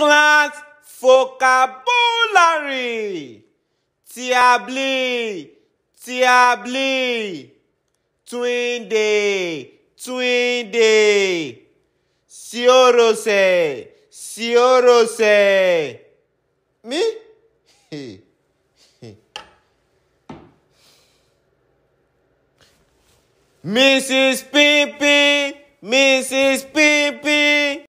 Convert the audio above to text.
class vocabulary tiabli tiabli twinde twinde siorose siorose mi. Mrs. Pimpin, Mrs. Pimpin.